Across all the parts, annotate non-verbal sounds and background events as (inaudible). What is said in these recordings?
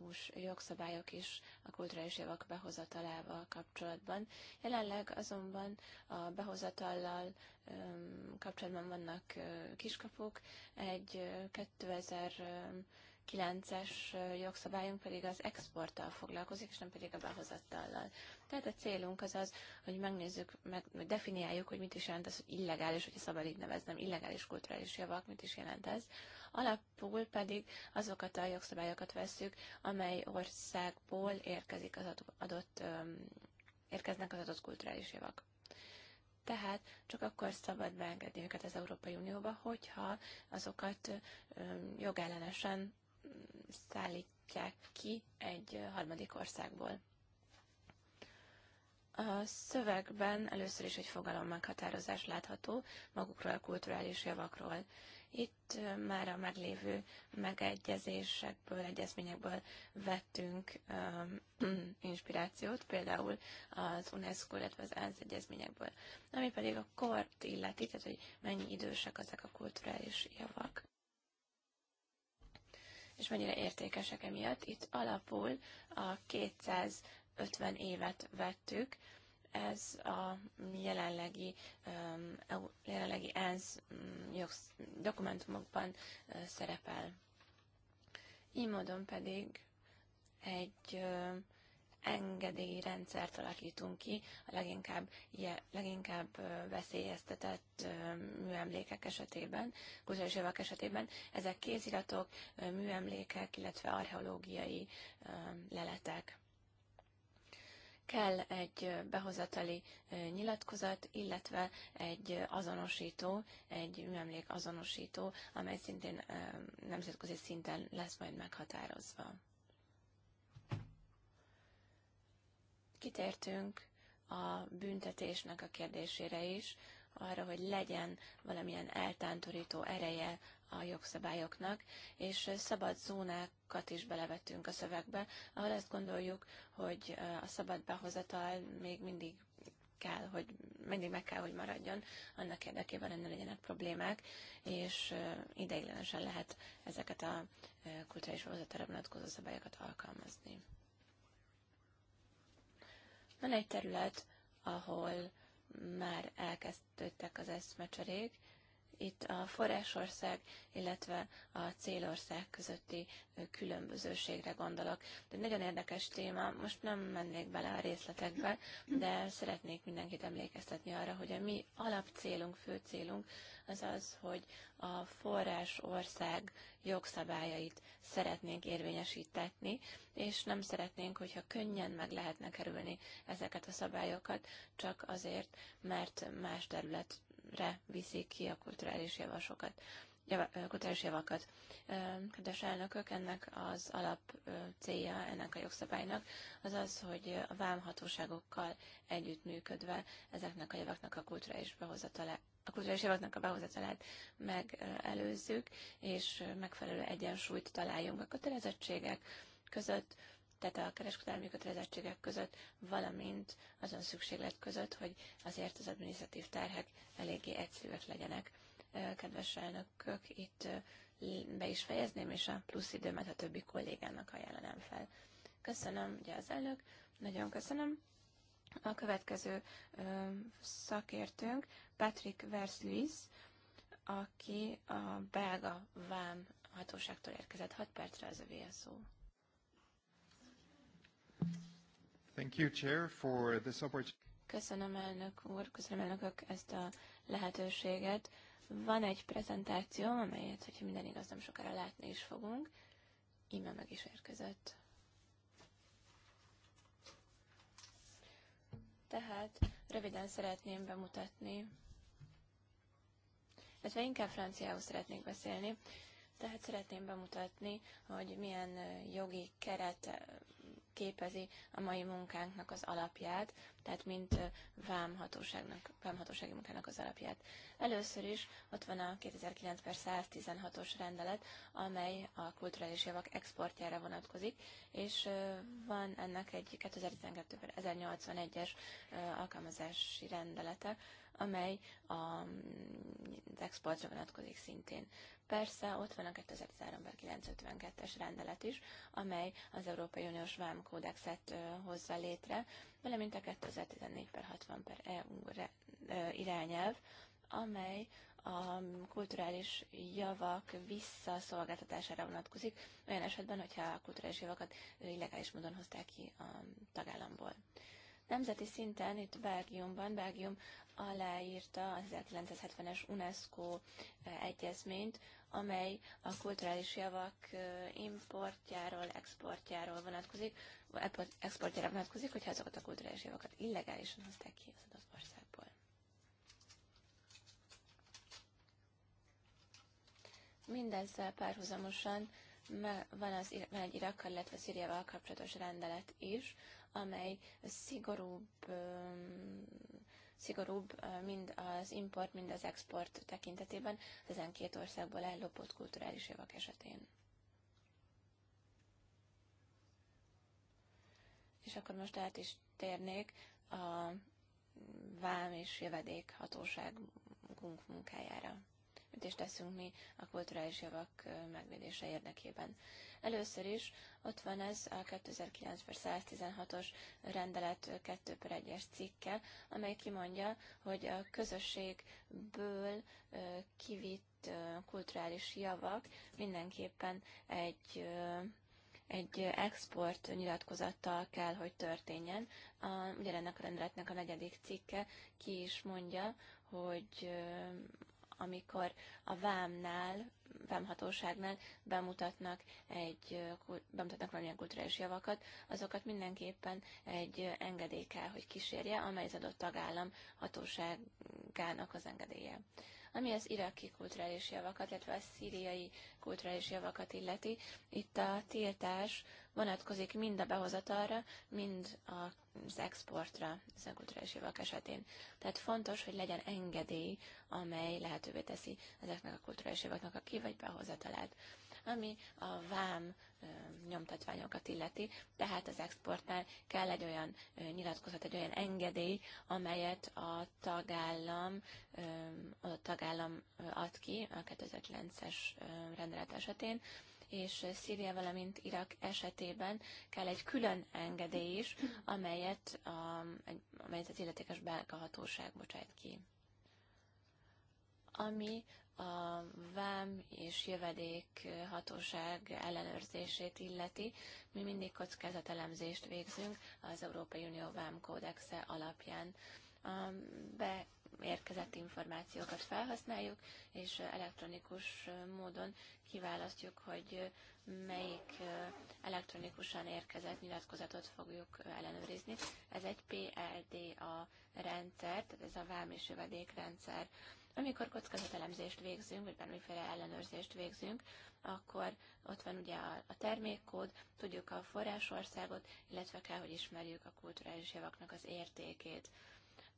EU-s jogszabályok is a kulturális javak behozatalával kapcsolatban. Jelenleg azonban a behozatallal kapcsolatban vannak kiskapuk. Egy 2009-es jogszabályunk pedig az exporttal foglalkozik, és nem pedig a behozatallal. Tehát a célunk az az, hogy megnézzük, meg, hogy definiáljuk, hogy mit is jelent az, hogy illegális, hogyha szabad így neveznem, illegális kulturális javak, mit is jelent ez alapul pedig azokat a jogszabályokat vesszük, amely országból érkezik az adott, érkeznek az adott kulturális javak. Tehát csak akkor szabad beengedni őket az Európai Unióba, hogyha azokat jogellenesen szállítják ki egy harmadik országból. A szövegben először is egy fogalom meghatározás látható magukról a kulturális javakról. Itt már a meglévő megegyezésekből, egyezményekből vettünk (clears throat) inspirációt, például az UNESCO, illetve az ENSZ egyezményekből. Ami pedig a kort illeti, tehát hogy mennyi idősek ezek a kulturális javak és mennyire értékesek emiatt. Itt alapul a 250 évet vettük, ez a jelenlegi, um, jelenlegi ENSZ um, jogsz, dokumentumokban uh, szerepel. Így módon pedig egy engedélyrendszert alakítunk ki a leginkább, je, leginkább veszélyeztetett műemlékek esetében, kulturális javak esetében. Ezek kéziratok, műemlékek, illetve archeológiai leletek kell egy behozatali nyilatkozat, illetve egy azonosító, egy műemlék azonosító, amely szintén nemzetközi szinten lesz majd meghatározva. Kitértünk a büntetésnek a kérdésére is, arra, hogy legyen valamilyen eltántorító ereje a jogszabályoknak, és szabad zónákat is belevettünk a szövegbe, ahol azt gondoljuk, hogy a szabad behozatal még mindig kell, hogy mindig meg kell, hogy maradjon, annak érdekében, hogy ne legyenek problémák, és ideiglenesen lehet ezeket a kulturális hozatára vonatkozó szabályokat alkalmazni. Van egy terület, ahol már elkezdődtek az eszmecserék, itt a forrásország, illetve a célország közötti különbözőségre gondolok. De nagyon érdekes téma, most nem mennék bele a részletekbe, de szeretnék mindenkit emlékeztetni arra, hogy a mi alapcélunk, fő célunk az az, hogy a forrásország jogszabályait szeretnénk érvényesítetni, és nem szeretnénk, hogyha könnyen meg lehetne kerülni ezeket a szabályokat, csak azért, mert más terület re viszik ki a kulturális javasokat. Java, javakat. Kedves elnökök, ennek az alap célja ennek a jogszabálynak az az, hogy a vámhatóságokkal együttműködve ezeknek a javaknak a kulturális behozatalát a kulturális javaknak a behozatalát megelőzzük, és megfelelő egyensúlyt találjunk a kötelezettségek között, tehát a kereskedelmi kötelezettségek között, valamint azon szükséglet között, hogy azért az adminisztratív terhek eléggé egyszerűek legyenek. Kedves elnökök, itt be is fejezném, és a plusz időmet a többi kollégának ajánlanám fel. Köszönöm, ugye az elnök, nagyon köszönöm. A következő ö, szakértőnk Patrick Versluis, aki a belga vám hatóságtól érkezett. 6 percre az övé a szó. Thank you, Chair, for this Köszönöm, elnök úr, köszönöm, elnökök, ezt a lehetőséget. Van egy prezentáció, amelyet, hogyha minden igaz, nem sokára látni is fogunk. Íme meg is érkezett. Tehát röviden szeretném bemutatni, illetve inkább franciául szeretnék beszélni, tehát szeretném bemutatni, hogy milyen jogi keret képezi a mai munkánknak az alapját, tehát mint vámhatóságnak, vámhatósági munkának az alapját. Először is ott van a 2009 per 116-os rendelet, amely a kulturális javak exportjára vonatkozik, és van ennek egy 2012 per 1081-es alkalmazási rendelete, amely mm, az exportra vonatkozik szintén. Persze ott van a 2013 es rendelet is, amely az Európai Uniós Vámkódexet hozza létre, valamint a 2014 per 60 per EU irányelv, amely a kulturális javak visszaszolgáltatására vonatkozik, olyan esetben, hogyha a kulturális javakat illegális módon hozták ki a tagállamból. Nemzeti szinten itt Belgiumban, Belgium aláírta a 1970-es UNESCO eh, egyezményt, amely a kulturális javak eh, importjáról, exportjáról vonatkozik, exportjára vonatkozik, hogyha azokat a kulturális javakat illegálisan hozták ki az adott országból. Mindezzel párhuzamosan van, az, van egy Irakkal, illetve Szíriával kapcsolatos rendelet is, amely szigorúbb, szigorúbb mind az import, mind az export tekintetében ezen két országból ellopott kulturális javak esetén. És akkor most át is térnék a vám és jövedék hatóságunk munkájára mit is teszünk mi a kulturális javak megvédése érdekében. Először is ott van ez a 2009 116-os rendelet 2 per 1-es cikke, amely kimondja, hogy a közösségből kivitt kulturális javak mindenképpen egy egy export nyilatkozattal kell, hogy történjen. A, ennek a rendeletnek a negyedik cikke ki is mondja, hogy amikor a vámnál, vámhatóságnál bemutatnak, egy, bemutatnak valamilyen kulturális javakat, azokat mindenképpen egy engedély kell, hogy kísérje, amely az adott tagállam hatóságának az engedélye ami az iraki kulturális javakat, illetve a szíriai kulturális javakat illeti. Itt a tiltás vonatkozik mind a behozatalra, mind az exportra ezen kulturális javak esetén. Tehát fontos, hogy legyen engedély, amely lehetővé teszi ezeknek a kulturális javaknak a ki- vagy behozatalát ami a vám nyomtatványokat illeti, tehát az exportnál kell egy olyan nyilatkozat, egy olyan engedély, amelyet a tagállam, a tagállam ad ki a 2009-es rendelet esetén, és Szíria, valamint Irak esetében kell egy külön engedély is, amelyet, a, amelyet az illetékes belga hatóság ki. Ami a vám és jövedék hatóság ellenőrzését illeti. Mi mindig kockázatelemzést végzünk az Európai Unió vám kódexe alapján. A beérkezett információkat felhasználjuk, és elektronikus módon kiválasztjuk, hogy melyik elektronikusan érkezett nyilatkozatot fogjuk ellenőrizni. Ez egy PLDA rendszer, tehát ez a vám és jövedék rendszer amikor kockázatelemzést végzünk, vagy bármiféle ellenőrzést végzünk, akkor ott van ugye a, a termékkód, tudjuk a forrásországot, illetve kell, hogy ismerjük a kulturális javaknak az értékét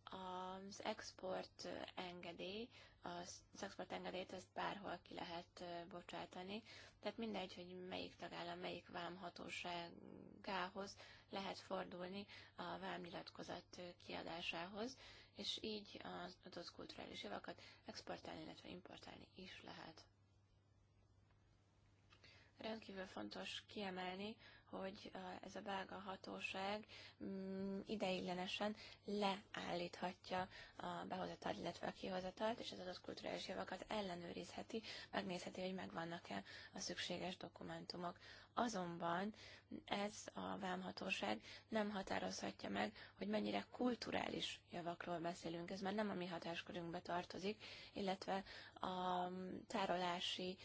az export engedély, az export engedélyt ezt bárhol ki lehet bocsátani, tehát mindegy, hogy melyik tagállam, melyik vámhatóságához lehet fordulni a vámnyilatkozat kiadásához, és így az adott kulturális javakat exportálni, illetve importálni is lehet. Rendkívül fontos kiemelni, hogy ez a belga hatóság mm, ideiglenesen leállíthatja a behozatalt, illetve a kihozatalt, és az adott kulturális javakat ellenőrizheti, megnézheti, hogy megvannak-e a szükséges dokumentumok azonban ez a vámhatóság nem határozhatja meg, hogy mennyire kulturális javakról beszélünk. Ez már nem a mi hatáskörünkbe tartozik, illetve a tárolási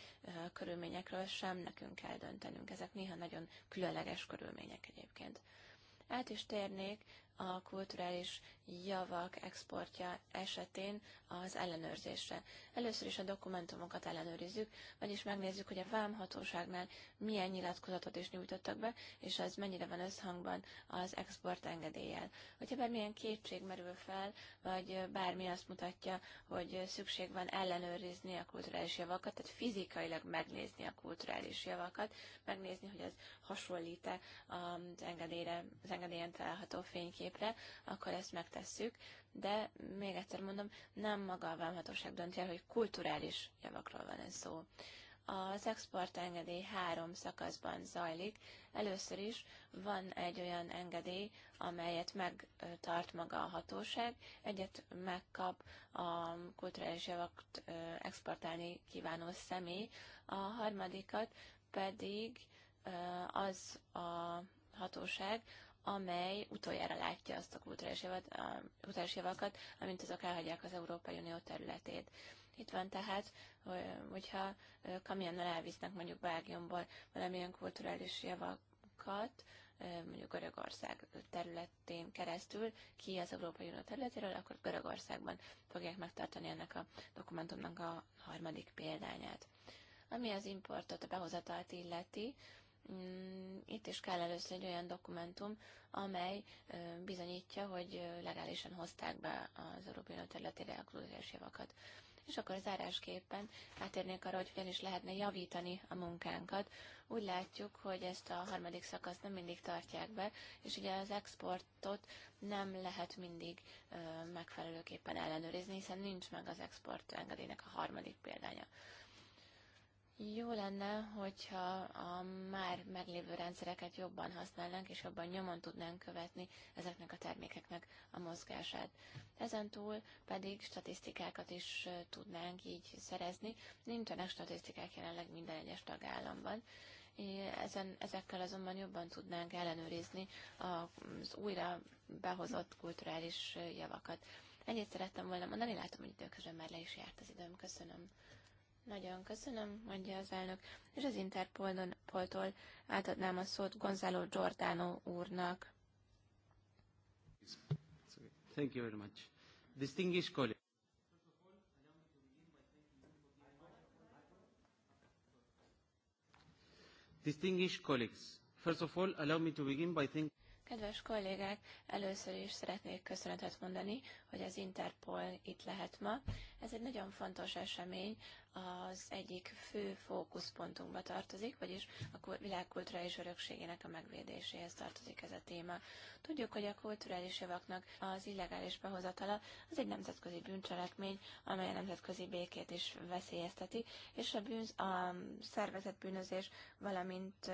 körülményekről sem nekünk kell döntenünk. Ezek néha nagyon különleges körülmények egyébként. Át is térnék a kulturális javak exportja esetén az ellenőrzésre. Először is a dokumentumokat ellenőrizzük, vagyis megnézzük, hogy a vámhatóságnál milyen nyilatkozatot is nyújtottak be, és az mennyire van összhangban az export engedéllyel. Hogyha bármilyen kétség merül fel, vagy bármi azt mutatja, hogy szükség van ellenőrizni a kulturális javakat, tehát fizikailag megnézni a kulturális javakat, megnézni, hogy az hasonlít-e az engedélyre, az engedélyen található fénykép képre, akkor ezt megtesszük, de még egyszer mondom, nem maga a vámhatóság dönti el, hogy kulturális javakról van ez szó. Az exportengedély három szakaszban zajlik. Először is van egy olyan engedély, amelyet megtart maga a hatóság, egyet megkap a kulturális javakat exportálni kívánó személy, a harmadikat pedig az a hatóság, amely utoljára látja azt a kulturális, javakat, amint azok elhagyják az Európai Unió területét. Itt van tehát, hogyha kamionnal elvisznek mondjuk Belgiumból valamilyen kulturális javakat, mondjuk Görögország területén keresztül ki az Európai Unió területéről, akkor Görögországban fogják megtartani ennek a dokumentumnak a harmadik példányát. Ami az importot, a behozatalt illeti, Mm, itt is kell először egy olyan dokumentum, amely bizonyítja, hogy legálisan hozták be az Európai Unió területére a grúziás javakat. És akkor zárásképpen átérnék arra, hogy hogyan is lehetne javítani a munkánkat. Úgy látjuk, hogy ezt a harmadik szakaszt nem mindig tartják be, és ugye az exportot nem lehet mindig megfelelőképpen ellenőrizni, hiszen nincs meg az export engedélynek a harmadik példánya. Jó lenne, hogyha a már meglévő rendszereket jobban használnánk, és jobban nyomon tudnánk követni ezeknek a termékeknek a mozgását. Ezen túl pedig statisztikákat is tudnánk így szerezni. Nincsenek statisztikák jelenleg minden egyes tagállamban. Ezen, ezekkel azonban jobban tudnánk ellenőrizni az újra behozott kulturális javakat. Ennyit szerettem volna mondani, látom, hogy időközben már le is járt az időm. Köszönöm. Nagyon köszönöm, mondja az elnök, és az Interpoltól átadnám a szót Gonzalo Giordano úrnak. Thank you very much. Distinguished colleagues. Distinguished colleagues, first of all, allow me to begin by thanking Kedves kollégák, először is szeretnék köszönetet mondani, hogy az Interpol itt lehet ma. Ez egy nagyon fontos esemény az egyik fő fókuszpontunkba tartozik, vagyis a világkulturális örökségének a megvédéséhez tartozik ez a téma. Tudjuk, hogy a kulturális javaknak az illegális behozatala az egy nemzetközi bűncselekmény, amely a nemzetközi békét is veszélyezteti, és a, bűnz, a szervezett bűnözés, valamint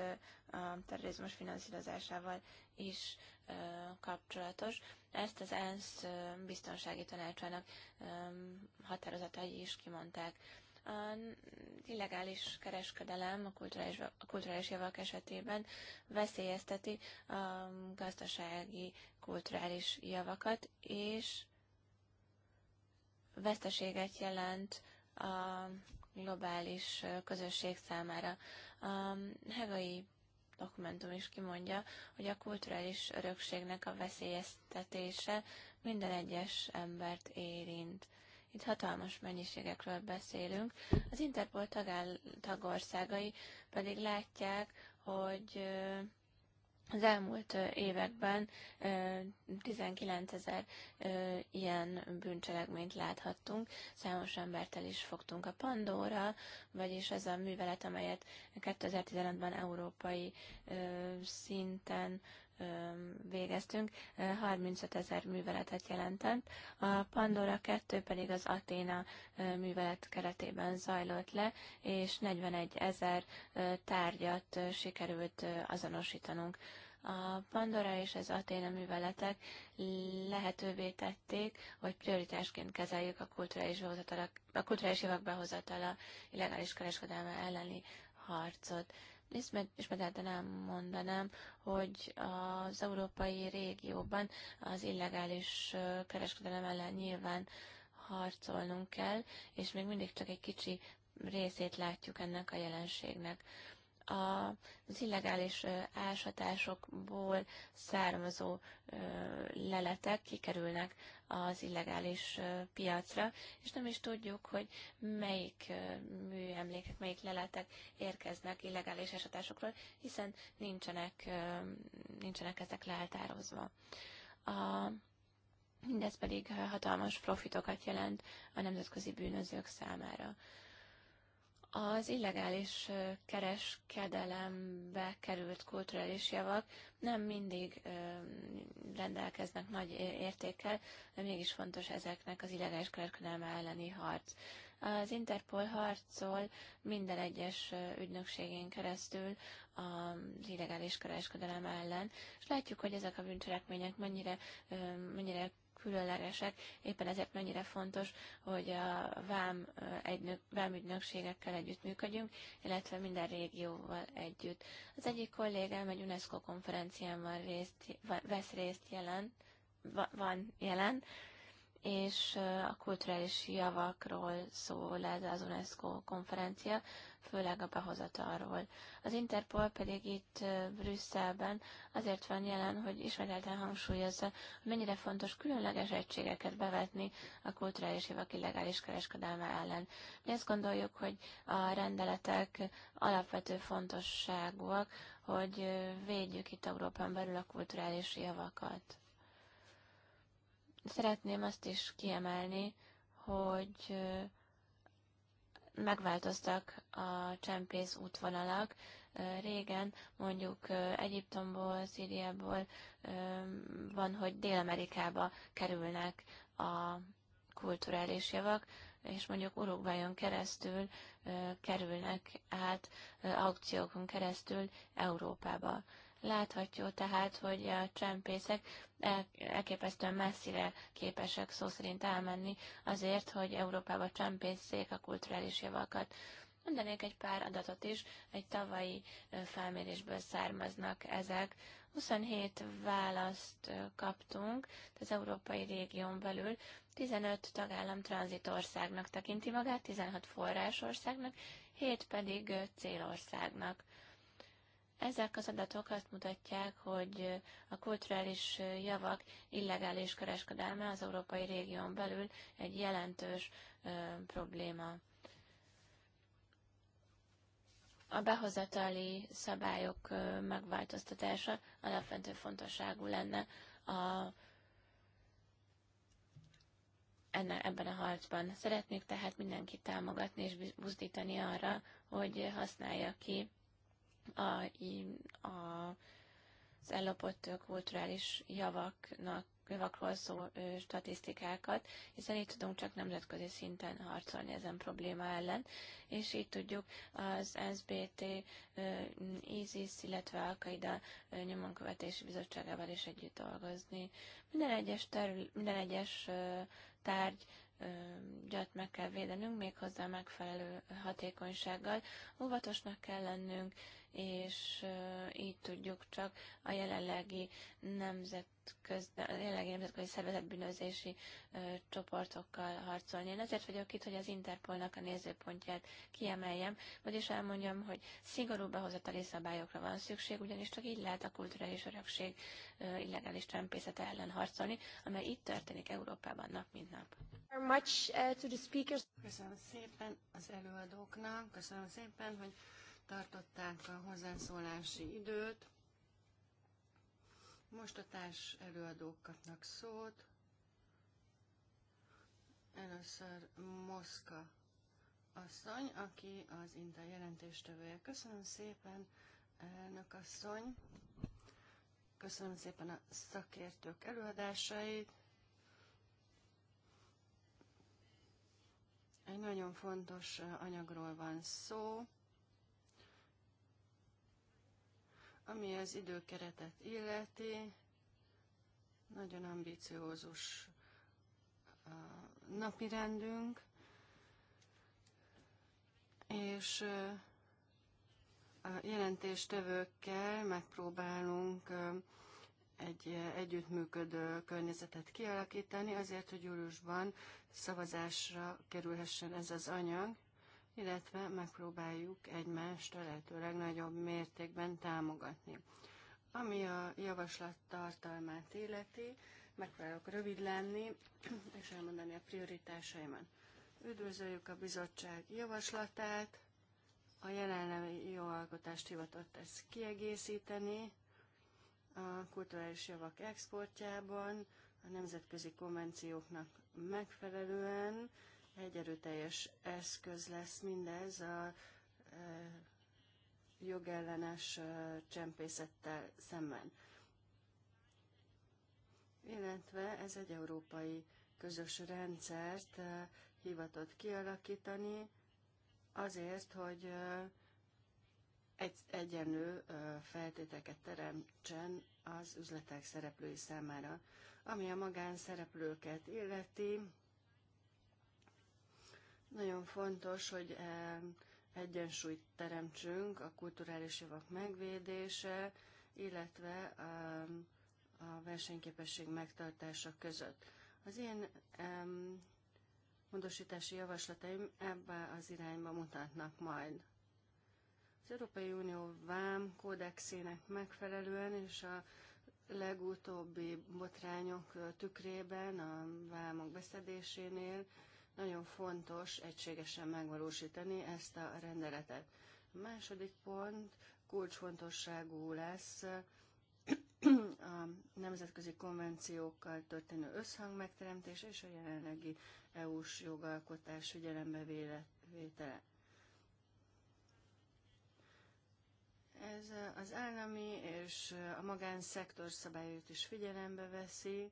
a terrorizmus finanszírozásával is kapcsolatos. Ezt az ENSZ biztonsági tanácsának határozatai is kimondták. A illegális kereskedelem a kulturális, a kulturális javak esetében veszélyezteti a gazdasági kulturális javakat, és veszteséget jelent a globális közösség számára. A hegai dokumentum is kimondja, hogy a kulturális örökségnek a veszélyeztetése minden egyes embert érint. Itt hatalmas mennyiségekről beszélünk. Az Interpol tagáll- tagországai pedig látják, hogy az elmúlt években 19 ezer ilyen bűncselekményt láthattunk, számos embertel is fogtunk a Pandora, vagyis ez a művelet, amelyet 2015-ben európai szinten végeztünk, 35 ezer műveletet jelentett. A Pandora 2 pedig az Aténa művelet keretében zajlott le, és 41 ezer tárgyat sikerült azonosítanunk. A Pandora és az Aténa műveletek lehetővé tették, hogy prioritásként kezeljük a kulturális, a kulturális javak behozatala illegális kereskedelme elleni harcot és, és, Ismételten elmondanám, hogy az európai régióban az illegális kereskedelem ellen nyilván harcolnunk kell, és még mindig csak egy kicsi részét látjuk ennek a jelenségnek az illegális ásatásokból származó leletek kikerülnek az illegális piacra, és nem is tudjuk, hogy melyik műemlékek, melyik leletek érkeznek illegális esetásokról, hiszen nincsenek, nincsenek ezek leeltározva. A Mindez pedig hatalmas profitokat jelent a nemzetközi bűnözők számára az illegális kereskedelembe került kulturális javak nem mindig rendelkeznek nagy értékkel, de mégis fontos ezeknek az illegális kereskedelme elleni harc. Az Interpol harcol minden egyes ügynökségén keresztül az illegális kereskedelem ellen, és látjuk, hogy ezek a bűncselekmények mennyire, mennyire különlegesek, éppen ezért mennyire fontos, hogy a vám egynök, együtt együttműködjünk, illetve minden régióval együtt. Az egyik kollégám egy UNESCO konferencián van részt, vesz részt jelen, van jelen, és a kulturális javakról szól ez az UNESCO konferencia, főleg a behozatalról. Az Interpol pedig itt Brüsszelben azért van jelen, hogy ismételten hangsúlyozza, mennyire fontos különleges egységeket bevetni a kulturális javak illegális kereskedelme ellen. Mi azt gondoljuk, hogy a rendeletek alapvető fontosságúak, hogy védjük itt Európán belül a kulturális javakat szeretném azt is kiemelni, hogy megváltoztak a csempész útvonalak. Régen mondjuk Egyiptomból, Szíriából van, hogy Dél-Amerikába kerülnek a kulturális javak, és mondjuk Uruguayon keresztül kerülnek át aukciókon keresztül Európába. Láthatjuk tehát, hogy a csempészek elképesztően messzire képesek szó szerint elmenni azért, hogy Európába csempészék a kulturális javakat. Mondanék egy pár adatot is, egy tavalyi felmérésből származnak ezek. 27 választ kaptunk az európai régión belül, 15 tagállam tranzitországnak tekinti magát, 16 forrásországnak, 7 pedig célországnak. Ezek az adatok azt mutatják, hogy a kulturális javak illegális kereskedelme az európai régión belül egy jelentős probléma. A behozatali szabályok megváltoztatása alapvető fontosságú lenne a enne, ebben a harcban. Szeretnék tehát mindenkit támogatni és buzdítani arra, hogy használja ki a, a, az ellopott kulturális javaknak javakról szó ö, statisztikákat, hiszen itt tudunk csak nemzetközi szinten harcolni ezen probléma ellen, és így tudjuk az SBT, ö, ISIS, illetve Al-Qaida nyomonkövetési bizottságával is együtt dolgozni. Minden egyes, terül, minden egyes ö, tárgy gyat meg kell védenünk, méghozzá megfelelő hatékonysággal. Óvatosnak kell lennünk, és így tudjuk csak a jelenlegi nemzetközi, jelenlegi nemzetközi szervezetbűnözési csoportokkal harcolni. Én ezért vagyok itt, hogy az Interpolnak a nézőpontját kiemeljem, vagyis elmondjam, hogy szigorú behozatali szabályokra van szükség, ugyanis csak így lehet a kulturális örökség illegális csempészete ellen harcolni, amely itt történik Európában nap mint nap. Uh, köszönöm szépen az előadóknak, köszönöm szépen, hogy tartották a hozzászólási időt. Most a társ előadók kapnak szót. Először Moszka asszony, aki az Inta jelentéstevője. Köszönöm szépen, elnök asszony. Köszönöm szépen a szakértők előadásait. Egy nagyon fontos anyagról van szó, Ami az időkeretet illeti, nagyon ambiciózus uh, rendünk, és uh, a jelentéstevőkkel megpróbálunk uh, egy együttműködő környezetet kialakítani, azért, hogy júliusban szavazásra kerülhessen ez az anyag, illetve megpróbáljuk egymást a lehető legnagyobb mértékben támogatni. Ami a javaslat tartalmát illeti, megpróbálok rövid lenni, és elmondani a prioritásaimat. Üdvözöljük a bizottság javaslatát, a jelenlegi jóalkotást hivatott ezt kiegészíteni, a kulturális javak exportjában, a nemzetközi konvencióknak megfelelően, egy erőteljes eszköz lesz mindez a e, jogellenes e, csempészettel szemben. Illetve ez egy európai közös rendszert e, hivatott kialakítani azért, hogy egy, egyenlő feltéteket teremtsen az üzletek szereplői számára. Ami a magánszereplőket illeti, nagyon fontos, hogy eh, egyensúlyt teremtsünk a kulturális javak megvédése, illetve a versenyképesség megtartása között. Az ilyen módosítási javaslataim ebbe az irányba mutatnak majd. Az Európai Unió vám kódexének megfelelően és a legutóbbi botrányok tükrében, a vámok beszedésénél nagyon fontos egységesen megvalósítani ezt a rendeletet. A második pont kulcsfontosságú lesz (clears throat) a nemzetközi konvenciókkal történő összhang megteremtése és a jelenlegi EU-s jogalkotás vétele. Ez az állami és a magánszektor szabályait is figyelembe veszi,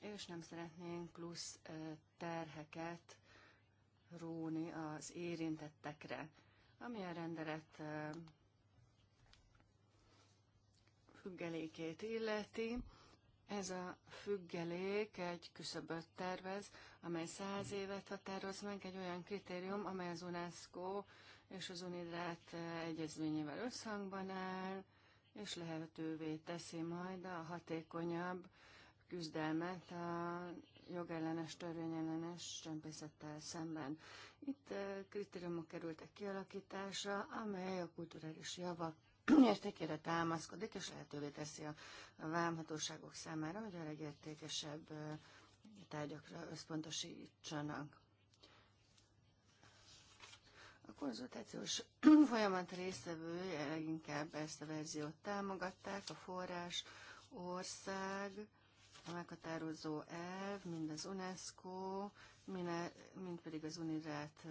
és nem szeretnénk plusz terheket róni az érintettekre, ami a rendelet függelékét illeti. Ez a függelék egy küszöböt tervez, amely száz évet határoz meg, egy olyan kritérium, amely az UNESCO és az UNIDRÁT egyezményével összhangban áll, és lehetővé teszi majd a hatékonyabb küzdelmet a jogellenes, törvényellenes csempészettel szemben. Itt kritériumok kerültek kialakításra, amely a kulturális javak (clears throat) értékére támaszkodik, és lehetővé teszi a vámhatóságok számára, hogy a legértékesebb tárgyakra összpontosítsanak. A konzultációs (clears throat) folyamat résztvevői leginkább ezt a verziót támogatták, a forrás ország, a meghatározó elv, mind az UNESCO, mind pedig az UNIRÁT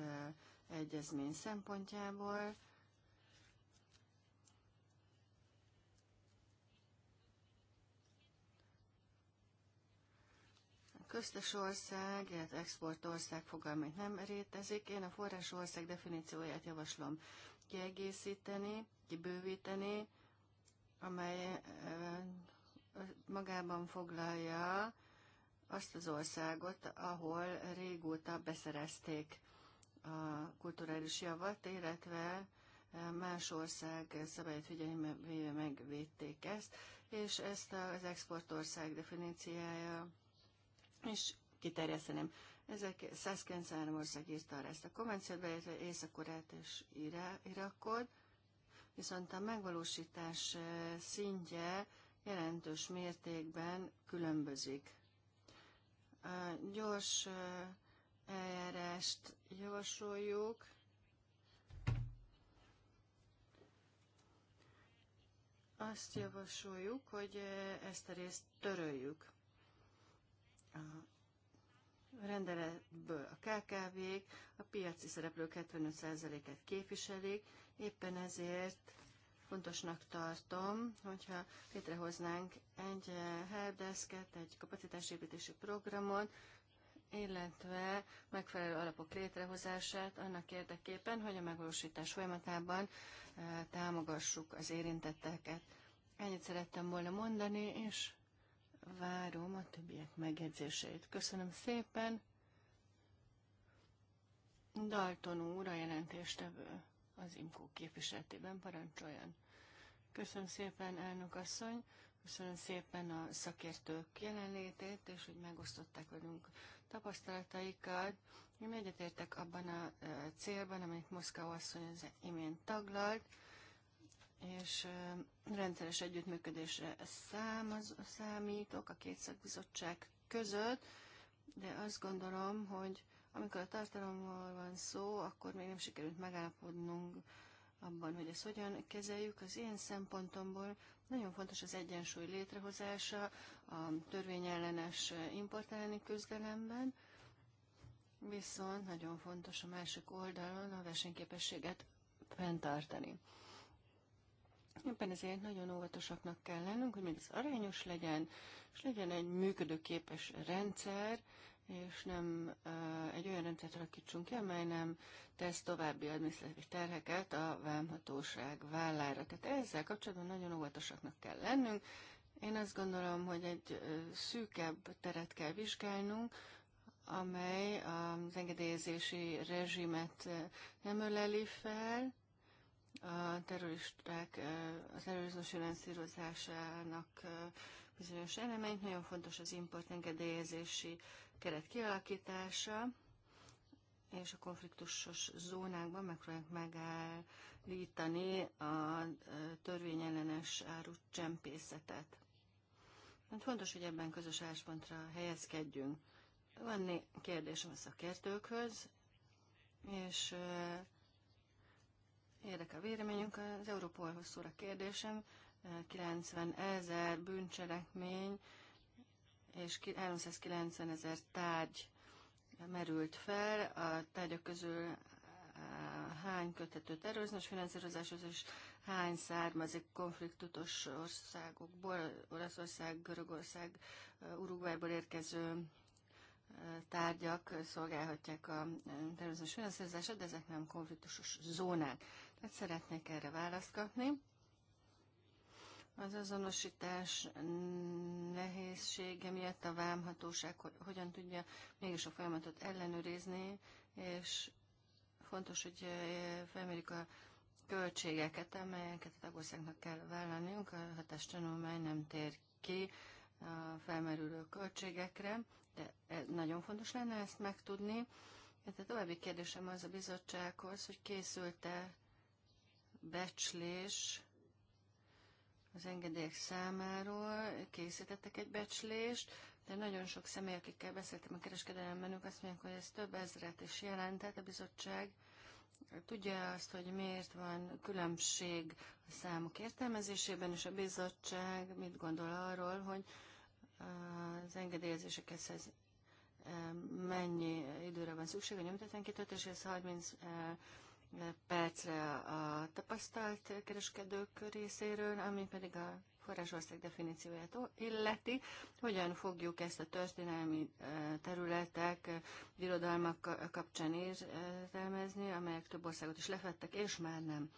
egyezmény szempontjából. köztes ország, illetve exportország fogalmát nem rétezik. Én a forrásország definícióját javaslom kiegészíteni, kibővíteni, amely magában foglalja azt az országot, ahol régóta beszerezték a kulturális javat, illetve e, más ország szabályt figyelembe véve megvédték ezt, és ezt az exportország definíciája is kiterjeszteném. Ezek 193 ország írta arra ezt a konvenciót, beleértve Észak-Koreát és Irakot, viszont a megvalósítás e, szintje jelentős mértékben különbözik. A gyors eljárást javasoljuk. Azt javasoljuk, hogy ezt a részt töröljük a rendeletből a KKV-k, a piaci szereplők 75%-et képviselik, éppen ezért fontosnak tartom, hogyha létrehoznánk egy eh, helpdesket, egy kapacitásépítési programot, illetve megfelelő alapok létrehozását annak érdekében, hogy a megvalósítás folyamatában eh, támogassuk az érintetteket. Ennyit szerettem volna mondani, és várom a többiek megjegyzéseit. Köszönöm szépen! Dalton úr a jelentéstevő az IMKO képviseletében parancsoljon. Köszönöm szépen, elnök asszony, köszönöm szépen a szakértők jelenlétét, és hogy megosztották velünk tapasztalataikat. Én egyetértek abban a e, célban, amit Moszkva asszony az imént taglalt, és e, rendszeres együttműködésre számaz, számítok a két szakbizottság között, de azt gondolom, hogy amikor a tartalomról van szó, akkor még nem sikerült megállapodnunk abban, hogy ezt hogyan kezeljük. Az én szempontomból nagyon fontos az egyensúly létrehozása a törvényellenes importálni küzdelemben, viszont nagyon fontos a másik oldalon a versenyképességet fenntartani. Éppen ezért nagyon óvatosaknak kell lennünk, hogy mindez arányos legyen, és legyen egy működőképes rendszer, és nem egy olyan rendszert alakítsunk ki, amely nem tesz további adminisztratív terheket a vámhatóság vállára. Tehát ezzel kapcsolatban nagyon óvatosaknak kell lennünk. Én azt gondolom, hogy egy szűkebb teret kell vizsgálnunk, amely az engedélyezési rezsimet nem öleli fel, a terroristák, az erőzős finanszírozásának bizonyos elemeink. Nagyon fontos az import engedélyezési keret kialakítása, és a konfliktusos zónákban megpróbáljuk megállítani a törvényellenes csempészetet. Hát fontos, hogy ebben közös álláspontra helyezkedjünk. Van né kérdésem a szakértőkhöz, és érdekel véleményünk. Az Európolhoz szól a kérdésem. 90 ezer bűncselekmény és 390 ezer tárgy merült fel. A tárgyak közül eh, hány köthető terrorizmus finanszírozáshoz, és hány származik konfliktusos országokból, Oroszország, Görögország, eh, Uruguayból érkező eh, tárgyak szolgálhatják a terrorizmus finanszírozását, de ezek nem konfliktusos zónák. Tehát szeretnék erre választ kapni. Az azonosítás nehézsége miatt a vámhatóság hogyan tudja mégis a folyamatot ellenőrizni, és fontos, hogy felmérjük a költségeket, amelyeket a tagországnak kell vállalniunk. A hatástanulmány nem tér ki a felmerülő költségekre, de e, nagyon fontos lenne ezt megtudni. Tehát a további kérdésem az a bizottsághoz, hogy készült-e becslés az engedélyek számáról, készítettek egy becslést, de nagyon sok személy, akikkel beszéltem a menők, azt mondják, hogy ez több ezret is jelentett a bizottság tudja azt, hogy miért van különbség a számok értelmezésében, és a bizottság mit gondol arról, hogy az engedélyezésekhez ez eh, mennyi időre van szükség a nyomtatványkitöltéshez, 30 percre a tapasztalt kereskedők részéről, ami pedig a forrásország definícióját illeti, hogyan fogjuk ezt a történelmi területek birodalmak kapcsán értelmezni, amelyek több országot is lefettek, és már nem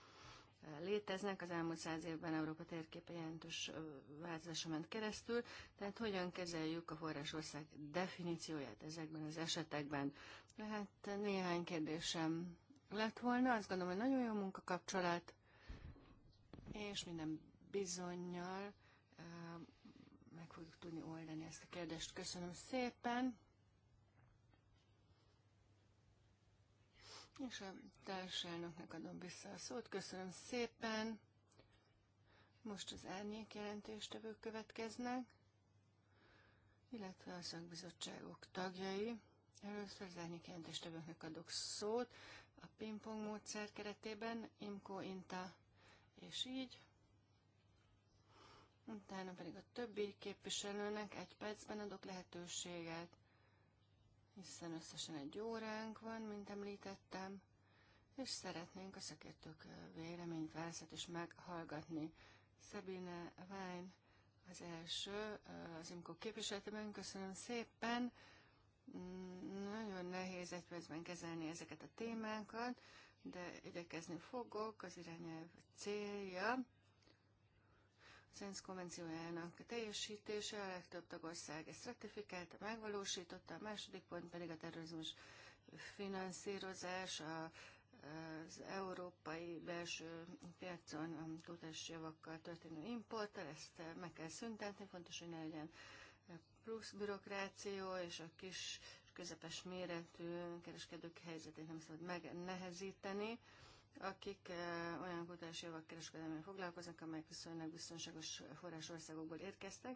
léteznek. Az elmúlt száz évben Európa térképe jelentős változása ment keresztül, tehát hogyan kezeljük a forrásország definícióját ezekben az esetekben. Hát néhány kérdésem lett volna. Azt gondolom, hogy nagyon jó munkakapcsolat, és minden bizonyal meg fogjuk tudni oldani ezt a kérdést. Köszönöm szépen! És a társelnöknek adom vissza a szót. Köszönöm szépen! Most az árnyék jelentéstevők következnek, illetve a szakbizottságok tagjai. Először az árnyék jelentéstevőknek adok szót a pingpong módszer keretében, imko, inta és így. Utána pedig a többi képviselőnek egy percben adok lehetőséget, hiszen összesen egy óránk van, mint említettem, és szeretnénk a szakértők véleményt, válaszát is meghallgatni. Szabine Wein az első, az IMKO képviseletében. Köszönöm szépen! Nagyon nehéz egy percben kezelni ezeket a témákat, de igyekezni fogok. Az irányelv célja az ENSZ konvenciójának teljesítése, a legtöbb tagország ezt ratifikálta, megvalósította, a második pont pedig a terrorizmus finanszírozás, a, az európai belső piacon a kutatás javakkal történő importtal, ezt meg kell szüntetni, fontos, hogy ne legyen plusz bürokráció és a kis közepes méretű kereskedők helyzetét nem szabad megnehezíteni, akik eh, olyan kutatási javak kereskedelmével foglalkoznak, amelyek viszonylag biztonságos forrásországokból érkeztek,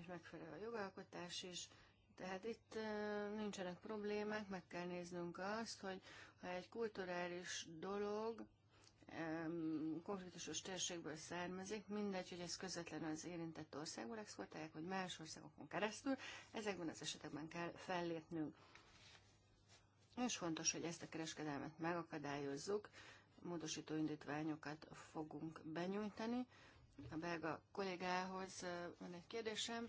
és megfelel a jogalkotás is. Tehát itt eh, nincsenek problémák, meg kell néznünk azt, hogy ha egy kulturális dolog, konfliktusos térségből származik, mindegy, hogy ez közvetlenül az érintett országból exportálják, vagy más országokon keresztül, ezekben az esetekben kell fellépnünk. És fontos, hogy ezt a kereskedelmet megakadályozzuk, módosító indítványokat fogunk benyújtani. A belga kollégához van egy kérdésem.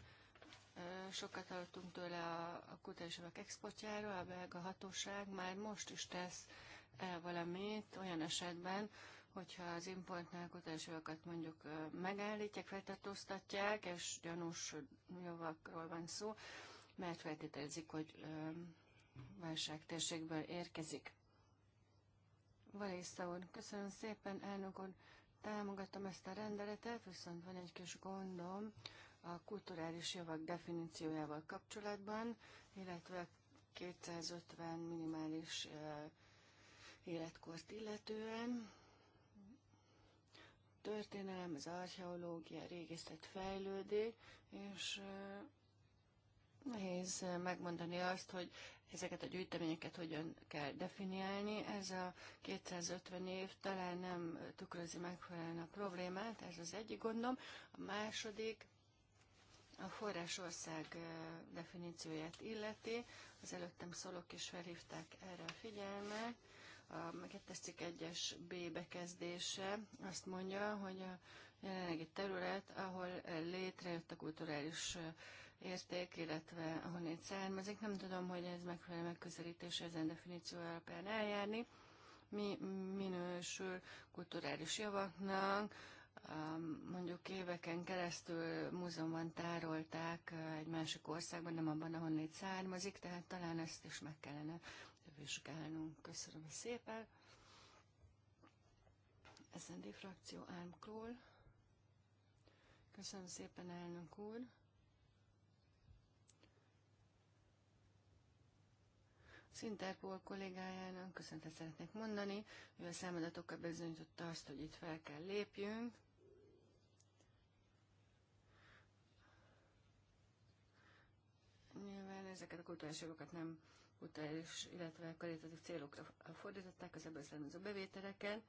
Sokat hallottunk tőle a, a kutatásokat exportjáról, a belga hatóság már most is tesz el valamit olyan esetben, hogyha az importnál kutatásokat mondjuk megállítják, feltartóztatják, és gyanús javakról van szó, mert feltételezik, hogy válságtérségből érkezik. Valésza úr, köszönöm szépen, elnök úr, támogatom ezt a rendeletet, viszont van egy kis gondom a kulturális javak definíciójával kapcsolatban, illetve 250 minimális életkort illetően. történelem, az archeológia, régészet fejlődik, és eh, nehéz megmondani azt, hogy ezeket a gyűjteményeket hogyan kell definiálni. Ez a 250 év talán nem tükrözi megfelelően a problémát, ez az egyik gondom. A második a forrásország eh, definícióját illeti. Az előttem szólók is felhívták erre a figyelmet a ketteszik egyes B bekezdése azt mondja, hogy a jelenlegi terület, ahol létrejött a kulturális érték, illetve ahonnét származik. Nem tudom, hogy ez megfelelő megközelítés ezen definíció alapján eljárni. Mi minősül kulturális javaknak, mondjuk éveken keresztül múzeumban tárolták egy másik országban, nem abban, itt származik, tehát talán ezt is meg kellene vizsgálnunk. Köszönöm szépen. SZND frakció Álmkról. Köszönöm szépen, elnök úr. Szinterpol kollégájának köszöntet szeretnék mondani, ő a számadatokkal bizonyította azt, hogy itt fel kell lépjünk. Nyilván ezeket a kulturális jogokat nem kulturális, illetve karitatív célokra fordították az ebből származó bevételeken,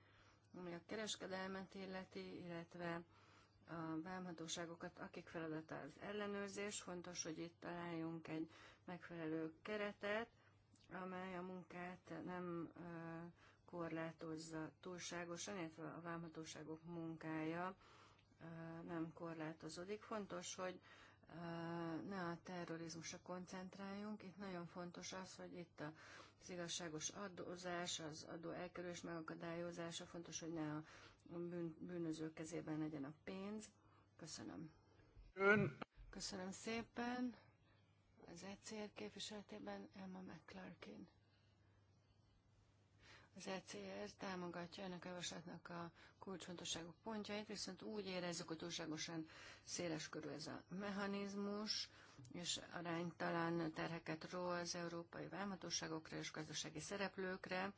ami a kereskedelmet illeti, illetve a vámhatóságokat, akik feladata az ellenőrzés. Fontos, hogy itt találjunk egy megfelelő keretet, amely a munkát nem korlátozza túlságosan, illetve a vámhatóságok munkája nem korlátozódik. Fontos, hogy ne a terrorizmusra koncentráljunk. Itt nagyon fontos az, hogy itt a az igazságos adózás, az adó elkerülés megakadályozása, fontos, hogy ne a bűn, bűnöző kezében legyen a pénz. Köszönöm. Ön. Köszönöm szépen. Az ECR képviseletében Emma McClarkin. Az ECR támogatja ennek a javaslatnak a kulcsfontosságú pontjait, viszont úgy érezzük, hogy túlságosan széles körül ez a mechanizmus, és aránytalan terheket ró az európai vállalatosságokra és gazdasági szereplőkre,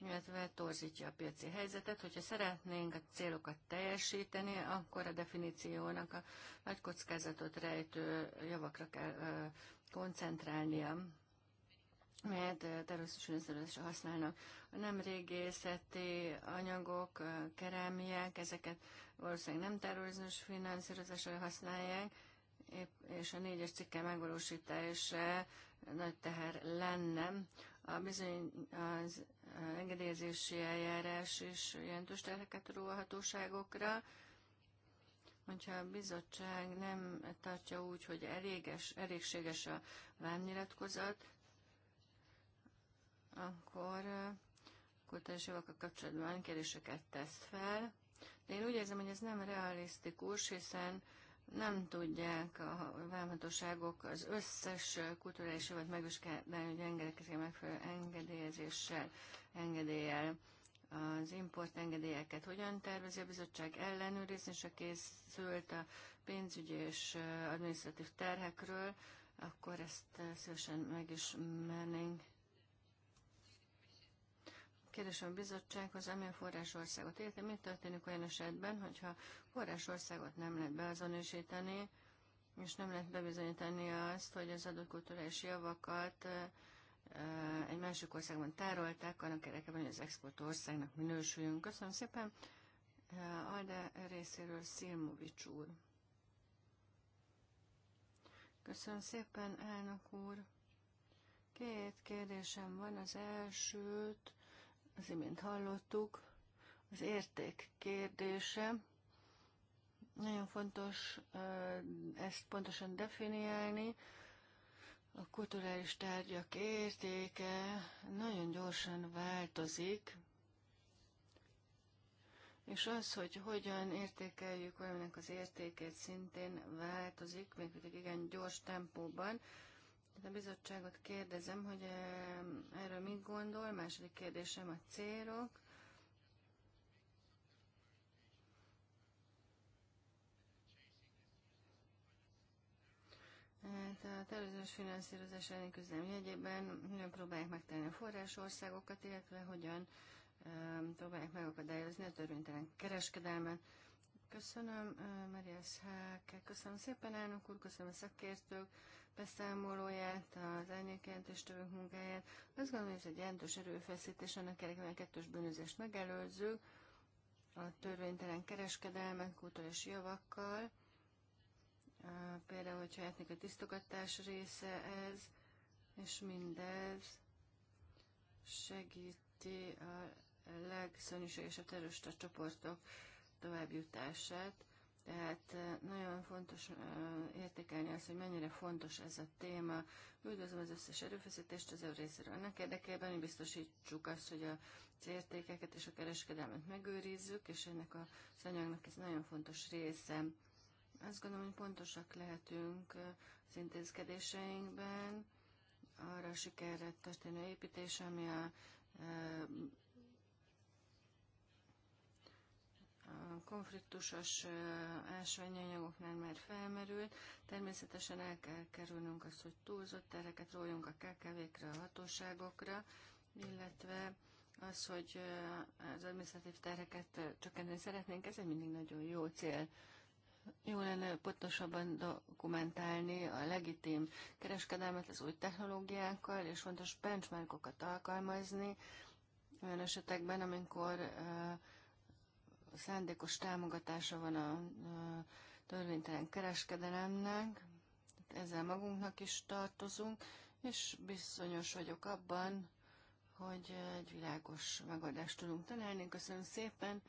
illetve torzítja a piaci helyzetet. Hogyha szeretnénk a célokat teljesíteni, akkor a definíciónak a nagy kockázatot rejtő javakra kell ö, koncentrálnia, mert természetesen használnak. A nem régészeti anyagok, kerámiák, ezeket valószínűleg nem terrorizmus finanszírozásra használják, és a négyes cikke megvalósítása nagy teher lenne. A bizony az engedélyezési eljárás is jelentős terheket ró a hatóságokra. Hogyha a bizottság nem tartja úgy, hogy eléges, elégséges a vámnyilatkozat, akkor kultúrás javakkal kapcsolatban kérdéseket tesz fel. De én úgy érzem, hogy ez nem realisztikus, hiszen nem tudják a vámhatóságok az összes kulturális vagy megvizsgálni, hogy rendelkezik megfelelő engedélyezéssel, engedéllyel az engedélyeket hogyan tervezi a bizottság ellenőrizni, és a készült a pénzügyi és adminisztratív terhekről, akkor ezt szívesen megismernénk Kérdésem a bizottsághoz, amilyen forrásországot érte, mi történik olyan esetben, hogyha forrásországot nem lehet beazonosítani, és nem lehet bebizonyítani azt, hogy az adott kulturális javakat egy másik országban tárolták, annak érdekében, hogy az export országnak minősüljünk. Köszönöm szépen. Alde részéről Szilmovics úr. Köszönöm szépen, elnök úr. Két kérdésem van. Az elsőt az imént hallottuk, az érték kérdése. Nagyon fontos ezt pontosan definiálni. A kulturális tárgyak értéke nagyon gyorsan változik, és az, hogy hogyan értékeljük valaminek az értékét szintén változik, mégpedig igen gyors tempóban. Tehát a bizottságot kérdezem, hogy erről mit gondol. Második kérdésem a célok. Tehát előzős terrorizmus finanszírozás elleni küzdelem jegyében hogyan próbálják megtenni a forrásországokat, illetve hogyan próbálják megakadályozni a törvénytelen kereskedelmet. Köszönöm, uh, Marias Háke, köszönöm szépen, elnök úr, köszönöm a szakértők, beszámolóját, az árnyékjelentéstevők munkáját. Azt gondolom, hogy ez egy jelentős erőfeszítés, annak érdekében a kettős bűnözést megelőző, a törvénytelen kereskedelmet, és javakkal, például, hogyha etnikai tisztogatás része ez, és mindez segíti a legszörnyűségesebb terrorista csoportok továbbjutását. Tehát nagyon fontos értékelni azt, hogy mennyire fontos ez a téma. Üdvözlöm az összes erőfeszítést az ő részéről annak érdekében, hogy biztosítsuk azt, hogy az értékeket és a kereskedelmet megőrizzük, és ennek a anyagnak ez nagyon fontos része. Azt gondolom, hogy pontosak lehetünk az intézkedéseinkben, arra a sikerre történő építés, ami a a konfliktusos ásványanyagoknál már felmerült. Természetesen el kell kerülnünk azt, hogy túlzott terheket róljunk a KKV-kre, a hatóságokra, illetve az, hogy az administratív terheket csökkenteni szeretnénk, ez egy mindig nagyon jó cél. Jó lenne pontosabban dokumentálni a legitim kereskedelmet az új technológiákkal, és fontos benchmarkokat alkalmazni olyan esetekben, amikor uh, szándékos támogatása van a törvénytelen kereskedelemnek, ezzel magunknak is tartozunk, és bizonyos vagyok abban, hogy egy világos megoldást tudunk találni. Köszönöm szépen,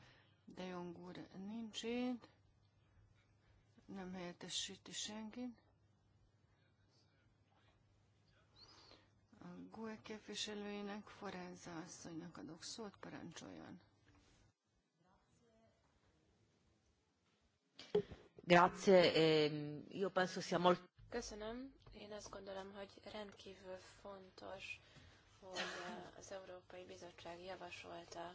de Jong úr nincs itt, nem helyettesíti senkit. A GUE képviselőinek, Forenza asszonynak adok szót, parancsoljon. Grazie, ehm, io penso sia molto... Köszönöm. Én azt gondolom, hogy rendkívül fontos, hogy eh, az Európai Bizottság javasolta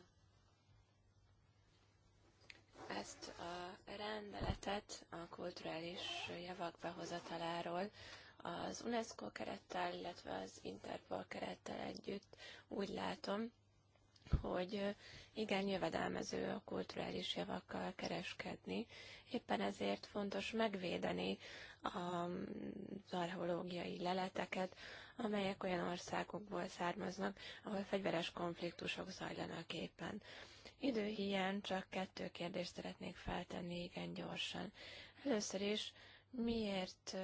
ezt a rendeletet a kulturális javak behozataláról az UNESCO kerettel, illetve az Interpol kerettel együtt úgy látom, hogy igen, jövedelmező a kulturális javakkal kereskedni. Éppen ezért fontos megvédeni az mm, archeológiai leleteket, amelyek olyan országokból származnak, ahol fegyveres konfliktusok zajlanak éppen. Időhiány csak kettő kérdést szeretnék feltenni igen gyorsan. Először is, miért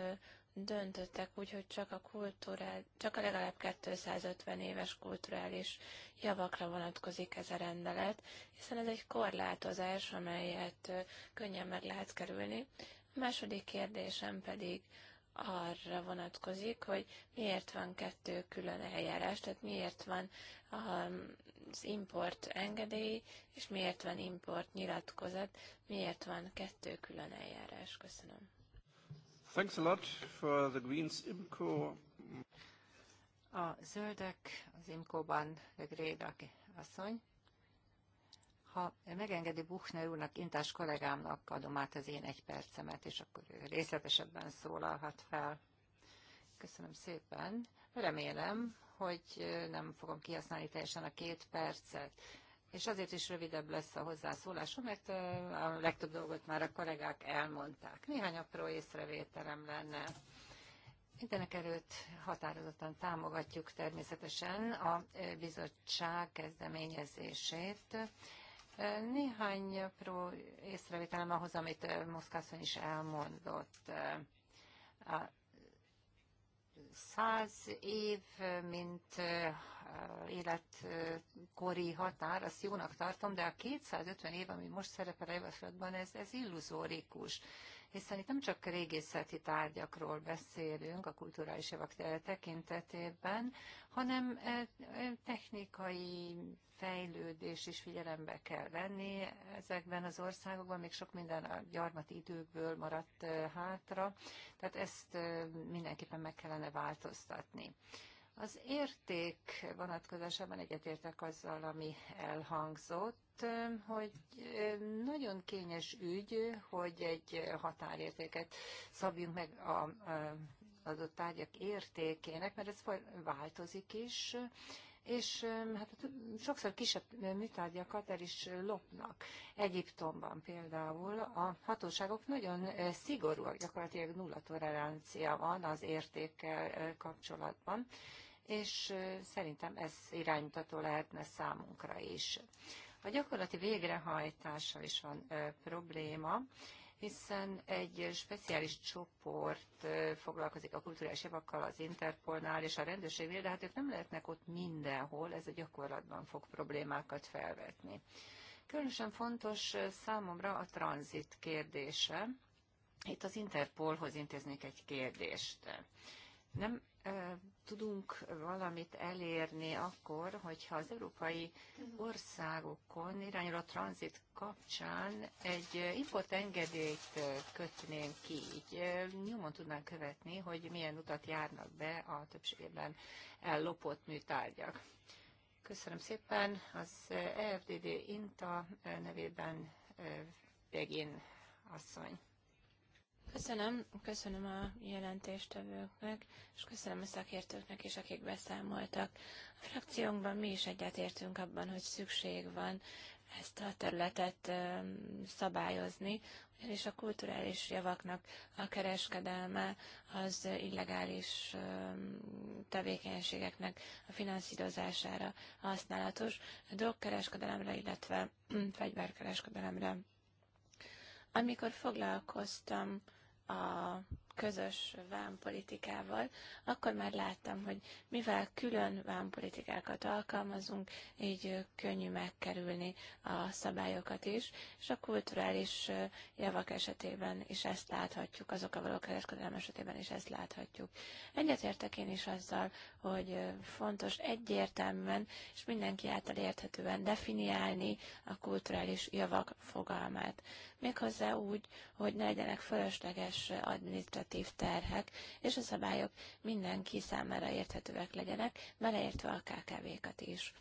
döntöttek úgy, hogy csak a kulturál, csak a legalább 250 éves kulturális javakra vonatkozik ez a rendelet, hiszen ez egy korlátozás, amelyet könnyen meg lehet kerülni. A második kérdésem pedig arra vonatkozik, hogy miért van kettő külön eljárás, tehát miért van az import engedély, és miért van import nyilatkozat, miért van kettő külön eljárás. Köszönöm. Thanks a lot for the Greens IMCO. A zöldek az IMCO-ban, Gréda asszony. Ha megengedi Buchner úrnak, intás kollégámnak adom át az én egy percemet, és akkor ő részletesebben szólalhat fel. Köszönöm szépen. Remélem, hogy nem fogom kihasználni teljesen a két percet és azért is rövidebb lesz a hozzászólásom, mert a legtöbb dolgot már a kollégák elmondták. Néhány apró észrevételem lenne. Mindenek előtt határozottan támogatjuk természetesen a bizottság kezdeményezését. Néhány apró észrevételem ahhoz, amit Moszkászon is elmondott száz év, mint életkori határ, azt jónak tartom, de a 250 év, ami most szerepel a javaslatban, ez, ez illuzórikus hiszen itt nem csak régészeti tárgyakról beszélünk a kulturális javak tekintetében, hanem e, e, technikai fejlődés is figyelembe kell venni ezekben az országokban, még sok minden a gyarmati időkből maradt e, hátra, tehát ezt mindenképpen meg kellene változtatni. Az érték vonatkozásában egyetértek azzal, ami elhangzott, hogy nagyon kényes ügy, hogy egy határértéket szabjunk meg a adott tárgyak értékének, mert ez változik is, és hát sokszor kisebb műtárgyakat el is lopnak. Egyiptomban például a hatóságok nagyon szigorúak, gyakorlatilag nulla tolerancia van az értékkel kapcsolatban, és szerintem ez iránymutató lehetne számunkra is. A gyakorlati végrehajtása is van ö, probléma, hiszen egy speciális csoport foglalkozik a kulturális javakkal az Interpolnál és a rendőrségnél, de hát ők nem lehetnek ott mindenhol, ez a gyakorlatban fog problémákat felvetni. Különösen fontos számomra a tranzit kérdése. Itt az Interpolhoz intéznék egy kérdést nem tudunk valamit elérni akkor, hogyha az európai országokon irányuló tranzit kapcsán egy importengedélyt kötnénk ki, így nyomon tudnánk követni, hogy milyen utat járnak be a többségében ellopott műtárgyak. Köszönöm szépen. Az EFDD Inta nevében Begin asszony. Köszönöm, köszönöm a jelentéstevőknek, és köszönöm a szakértőknek is, akik beszámoltak. A frakciónkban mi is egyetértünk abban, hogy szükség van ezt a területet szabályozni, ugyanis a kulturális javaknak a kereskedelme az illegális tevékenységeknek a finanszírozására használatos, a drogkereskedelemre, illetve fegyverkereskedelemre. Amikor foglalkoztam a közös vámpolitikával, akkor már láttam, hogy mivel külön vámpolitikákat alkalmazunk, így könnyű megkerülni a szabályokat is, és a kulturális javak esetében is ezt láthatjuk, azok a való kereskedelem esetében is ezt láthatjuk. Egyetértek én is azzal, hogy fontos egyértelműen és mindenki által érthetően definiálni a kulturális javak fogalmát méghozzá úgy, hogy ne legyenek fölösleges administratív terhek, és a szabályok mindenki számára érthetőek legyenek, beleértve a KKV-kat is.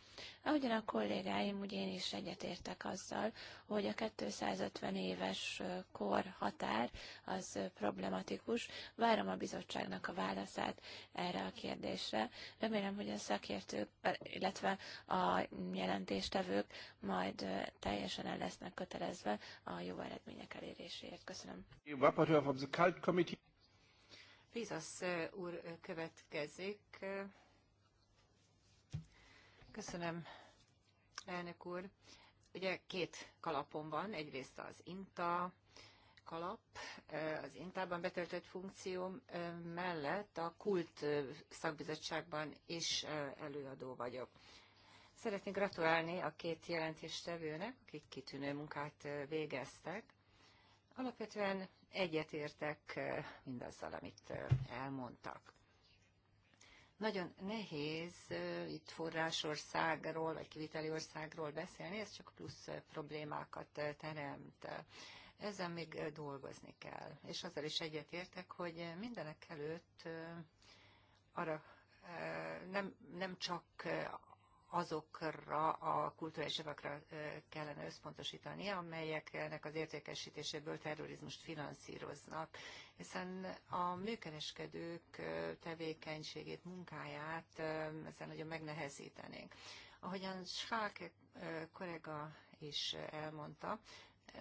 Ahogyan a kollégáim, ugye én is egyetértek azzal, hogy a 250 éves kor határ az problematikus. Várom a bizottságnak a válaszát erre a kérdésre. Remélem, hogy a szakértők, illetve a jelentéstevők majd teljesen el lesznek kötelezve a jó eredmények eléréséért. Köszönöm. Vizasz úr következik Köszönöm, elnök úr. Ugye két kalapom van, egyrészt az INTA, kalap az Intában betöltött funkcióm mellett a Kult szakbizottságban is előadó vagyok. Szeretnék gratulálni a két jelentéstevőnek, akik kitűnő munkát végeztek. Alapvetően egyetértek mindazzal, amit elmondtak. Nagyon nehéz itt forrásországról vagy kiviteli országról beszélni, ez csak plusz problémákat teremt. Ezen még dolgozni kell. És azzal is egyetértek, hogy mindenek előtt arra nem, nem csak azokra a kulturális javakra kellene összpontosítani, amelyeknek az értékesítéséből terrorizmust finanszíroznak, hiszen a műkereskedők tevékenységét, munkáját ezzel nagyon megnehezítenénk. Ahogyan Schalke kollega is elmondta,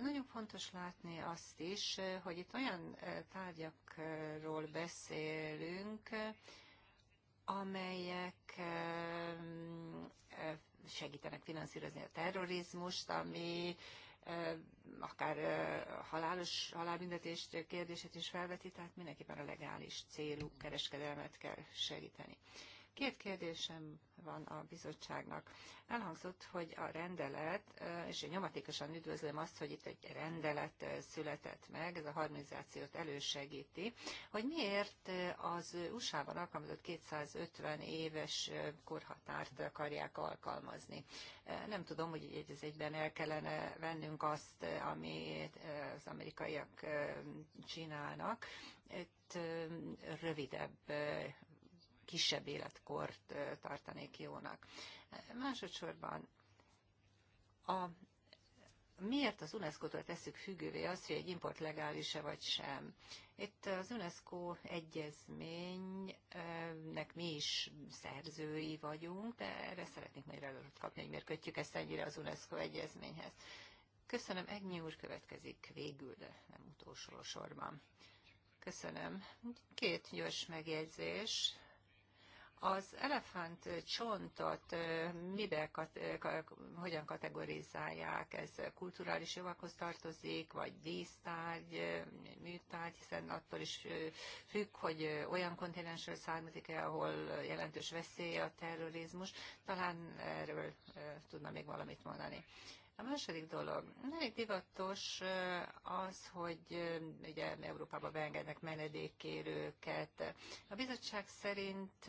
nagyon fontos látni azt is, hogy itt olyan tárgyakról beszélünk, amelyek segítenek finanszírozni a terrorizmust, ami akár halálos halálbüntetést kérdését is felveti, tehát mindenképpen a legális célú kereskedelmet kell segíteni. Két kérdésem van a bizottságnak. Elhangzott, hogy a rendelet, és én nyomatékosan üdvözlöm azt, hogy itt egy rendelet született meg, ez a harmonizációt elősegíti, hogy miért az USA-ban alkalmazott 250 éves korhatárt akarják alkalmazni. Nem tudom, hogy egy az egyben el kellene vennünk azt, amit az amerikaiak csinálnak, itt rövidebb kisebb életkort tartanék jónak. Másodszorban a miért az UNESCO-tól tesszük függővé azt, hogy egy import legális-e vagy sem. Itt az UNESCO egyezménynek mi is szerzői vagyunk, de erre szeretnék majd előtt kapni, hogy miért kötjük ezt ennyire az UNESCO egyezményhez. Köszönöm, Egnyi úr következik végül, de nem utolsó sorban. Köszönöm. Két gyors megjegyzés. Az elefánt csontot mibe, hogyan kategorizálják? Ez kulturális javakhoz tartozik, vagy dísztárgy, műtárgy, hiszen attól is függ, hogy olyan kontinensről származik-e, ahol jelentős veszély a terrorizmus. Talán erről tudna még valamit mondani. A második dolog, elég divatos az, hogy ugye Európába beengednek menedékkérőket. A bizottság szerint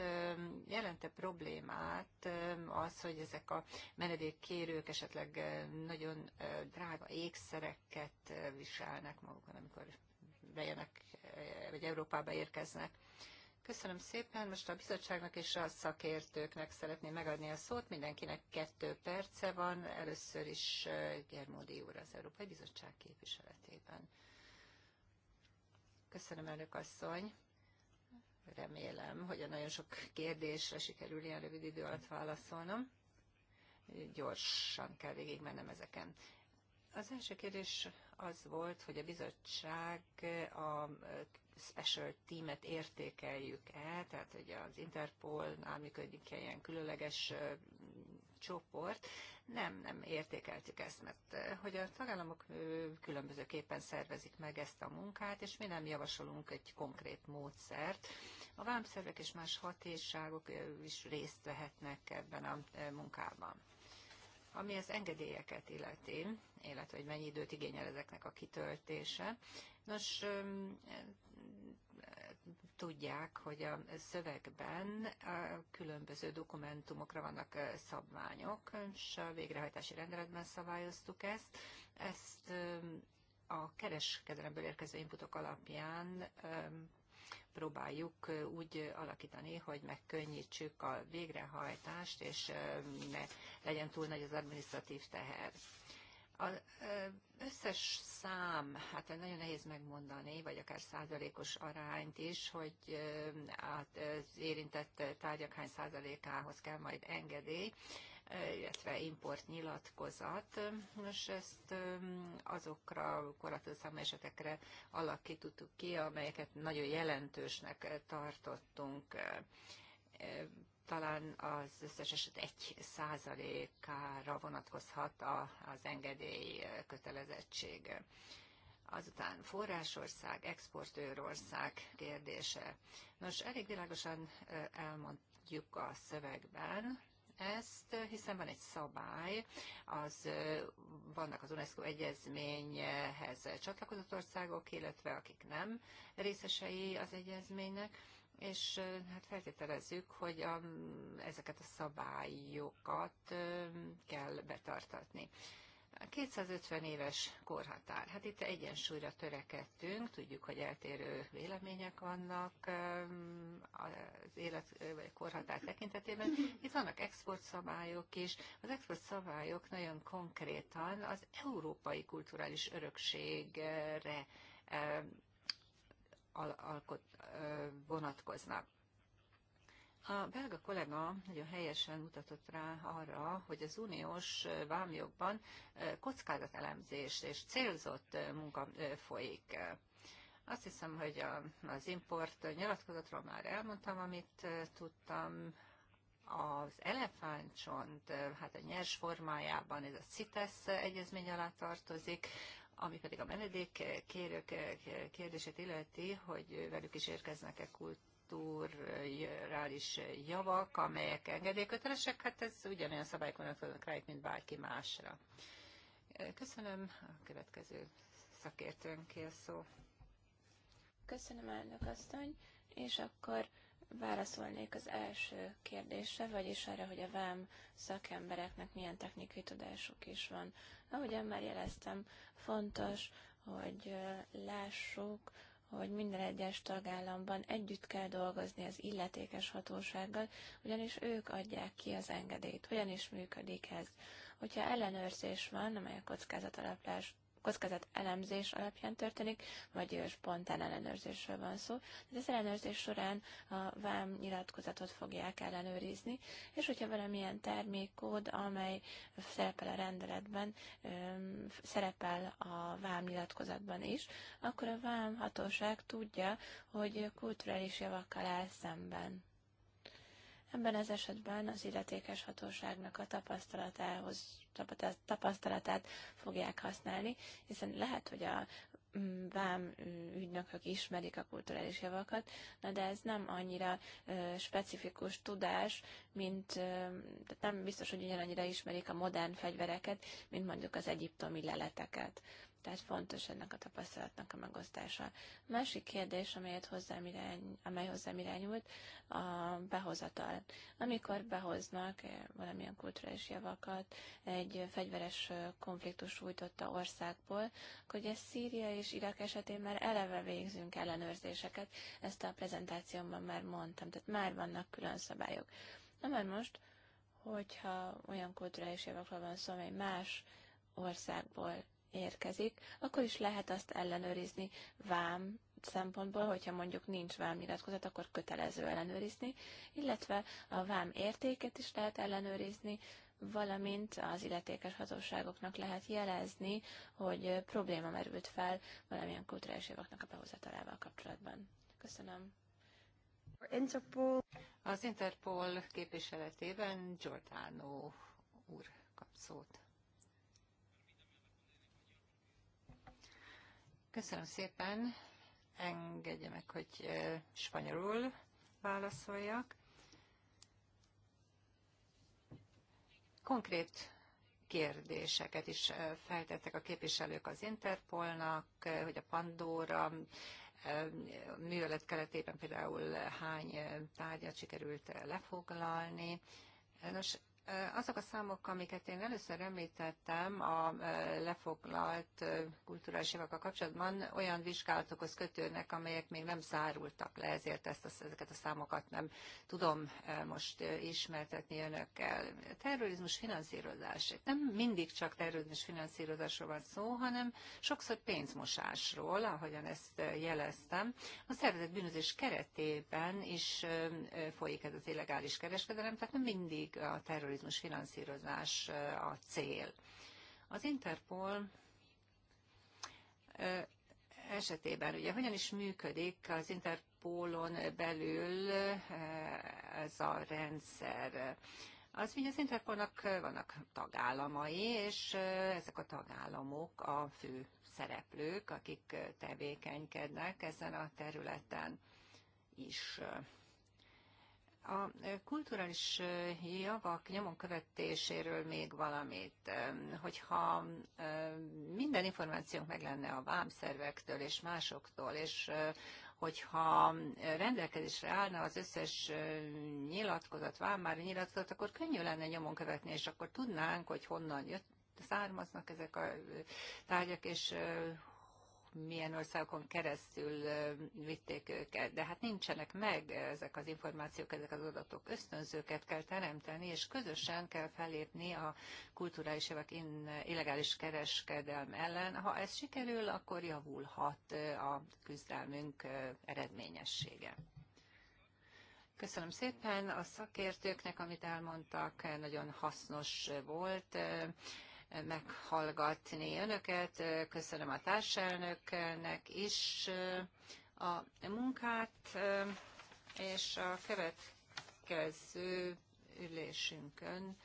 jelente problémát az, hogy ezek a menedékkérők esetleg nagyon drága ékszereket viselnek magukon, amikor bejönnek, vagy Európába érkeznek. Köszönöm szépen. Most a bizottságnak és a szakértőknek szeretném megadni a szót. Mindenkinek kettő perce van. Először is eh, Germódi úr az Európai Bizottság képviseletében. Köszönöm, elnök asszony. Remélem, hogy a nagyon sok kérdésre sikerül ilyen rövid idő alatt válaszolnom. Gyorsan kell végigmennem ezeken. Az első kérdés az volt, hogy a bizottság a special teamet értékeljük el, tehát hogy az Interpolnál működik -e ilyen különleges csoport. Nem, nem értékeltük ezt, mert hogy a tagállamok különbözőképpen szervezik meg ezt a munkát, és mi nem javasolunk egy konkrét módszert. A vámszervek és más hatéságok is részt vehetnek ebben a munkában. Ami az engedélyeket illeti, illetve hogy mennyi időt igényel ezeknek a kitöltése. Nos, tudják, hogy a szövegben a különböző dokumentumokra vannak szabványok, és a végrehajtási rendeletben szabályoztuk ezt. Ezt a kereskedelemből érkező inputok alapján próbáljuk úgy alakítani, hogy megkönnyítsük a végrehajtást, és ne legyen túl nagy az administratív teher. Az összes szám, hát nagyon nehéz megmondani, vagy akár százalékos arányt is, hogy hát az érintett tárgyak hány százalékához kell majd engedély, illetve importnyilatkozat. Most ezt azokra korlátozó esetekre alakítottuk ki, amelyeket nagyon jelentősnek tartottunk talán az összes eset egy százalékára vonatkozhat a, az engedély kötelezettség. Azután forrásország, exportőrország kérdése. Nos, elég világosan elmondjuk a szövegben, ezt, hiszen van egy szabály, az vannak az UNESCO egyezményhez csatlakozott országok, illetve akik nem részesei az egyezménynek, és hát feltételezzük, hogy a, ezeket a szabályokat kell betartatni. A 250 éves korhatár. Hát itt egyensúlyra törekedtünk, tudjuk, hogy eltérő vélemények vannak az élet korhatár tekintetében. Itt vannak exportszabályok is. Az exportszabályok nagyon konkrétan az európai kulturális örökségre al- alkot, vonatkoznak. A belga kollega nagyon helyesen mutatott rá arra, hogy az uniós vámjogban kockázatelemzés és célzott munka folyik. Azt hiszem, hogy a, az import nyilatkozatról már elmondtam, amit tudtam. Az elefántcsont, hát a nyers formájában ez a CITES egyezmény alá tartozik, ami pedig a kérők kérdését illeti, hogy velük is érkeznek-e kultúrális javak, amelyek engedélykötelesek, hát ez ugyanolyan szabályok vonatkoznak rájuk, mint bárki másra. Köszönöm a következő szakértőnké a szó. Köszönöm, elnök asszony, és akkor válaszolnék az első kérdésre, vagyis arra, hogy a vám szakembereknek milyen technikai tudásuk is van. Ahogyan már jeleztem, fontos, hogy lássuk, hogy minden egyes tagállamban együtt kell dolgozni az illetékes hatósággal, ugyanis ők adják ki az engedélyt. Hogyan is működik ez? Hogyha ellenőrzés van, amely a kockázatalaplás kockázat elemzés alapján történik, vagy spontán ellenőrzésről van szó. Tehát az ellenőrzés során a vám nyilatkozatot fogják ellenőrizni, és hogyha valamilyen termékkód, amely szerepel a rendeletben, szerepel a vám nyilatkozatban is, akkor a vám hatóság tudja, hogy kulturális javakkal áll szemben. Ebben az esetben az illetékes hatóságnak a tapasztalatához, tapasztalatát fogják használni, hiszen lehet, hogy a mm, vám mm, ügynökök ismerik a kulturális javakat, na de ez nem annyira ö, specifikus tudás, mint ö, tehát nem biztos, hogy ugyanannyira ismerik a modern fegyvereket, mint mondjuk az egyiptomi leleteket tehát fontos ennek a tapasztalatnak a megosztása. Másik kérdés, amelyet hozzám irány, amely hozzám irányult, a behozatal. Amikor behoznak eh, valamilyen kulturális javakat egy fegyveres eh, konfliktus sújtotta országból, akkor ugye Szíria és Irak esetén már eleve végzünk ellenőrzéseket, ezt a prezentációmban már mondtam, tehát már vannak külön szabályok. Na már most, hogyha olyan kulturális javakról van szó, amely más országból érkezik, akkor is lehet azt ellenőrizni vám szempontból, hogyha mondjuk nincs vám nyilatkozat, akkor kötelező ellenőrizni, illetve a vám értéket is lehet ellenőrizni, valamint az illetékes hatóságoknak lehet jelezni, hogy probléma merült fel valamilyen kulturális javaknak a behozatalával kapcsolatban. Köszönöm. Interpol. Az Interpol képviseletében Giordano úr kap szót. Köszönöm szépen. Engedje meg, hogy spanyolul válaszoljak. Konkrét kérdéseket is feltettek a képviselők az Interpolnak, hogy a Pandora művelet keretében például hány tárgyat sikerült lefoglalni. Nos, azok a számok, amiket én először említettem a lefoglalt kulturális évakkal kapcsolatban, olyan vizsgálatokhoz kötődnek, amelyek még nem zárultak le, ezért ezt, ezeket a számokat nem tudom most ismertetni önökkel. Terrorizmus finanszírozás. Nem mindig csak terrorizmus finanszírozásról van szó, hanem sokszor pénzmosásról, ahogyan ezt jeleztem. A szervezet bűnözés keretében is folyik ez az illegális kereskedelem, tehát nem mindig a terrorizmus terrorizmus finanszírozás a cél. Az Interpol esetében ugye hogyan is működik az Interpolon belül ez a rendszer? Az, hogy az Interpolnak vannak tagállamai, és ezek a tagállamok a fő szereplők, akik tevékenykednek ezen a területen is. A kulturális javak nyomon követéséről még valamit, hogyha minden információnk meg lenne a vámszervektől és másoktól, és hogyha rendelkezésre állna az összes nyilatkozat, vámmári nyilatkozat, akkor könnyű lenne nyomon követni, és akkor tudnánk, hogy honnan jött, származnak ezek a tárgyak, és milyen országokon keresztül vitték őket. De hát nincsenek meg ezek az információk, ezek az adatok. Ösztönzőket kell teremteni, és közösen kell fellépni a kulturális évek illegális kereskedelm ellen. Ha ez sikerül, akkor javulhat a küzdelmünk eredményessége. Köszönöm szépen a szakértőknek, amit elmondtak, nagyon hasznos volt meghallgatni önöket. Köszönöm a társelnöknek is a munkát, és a következő ülésünkön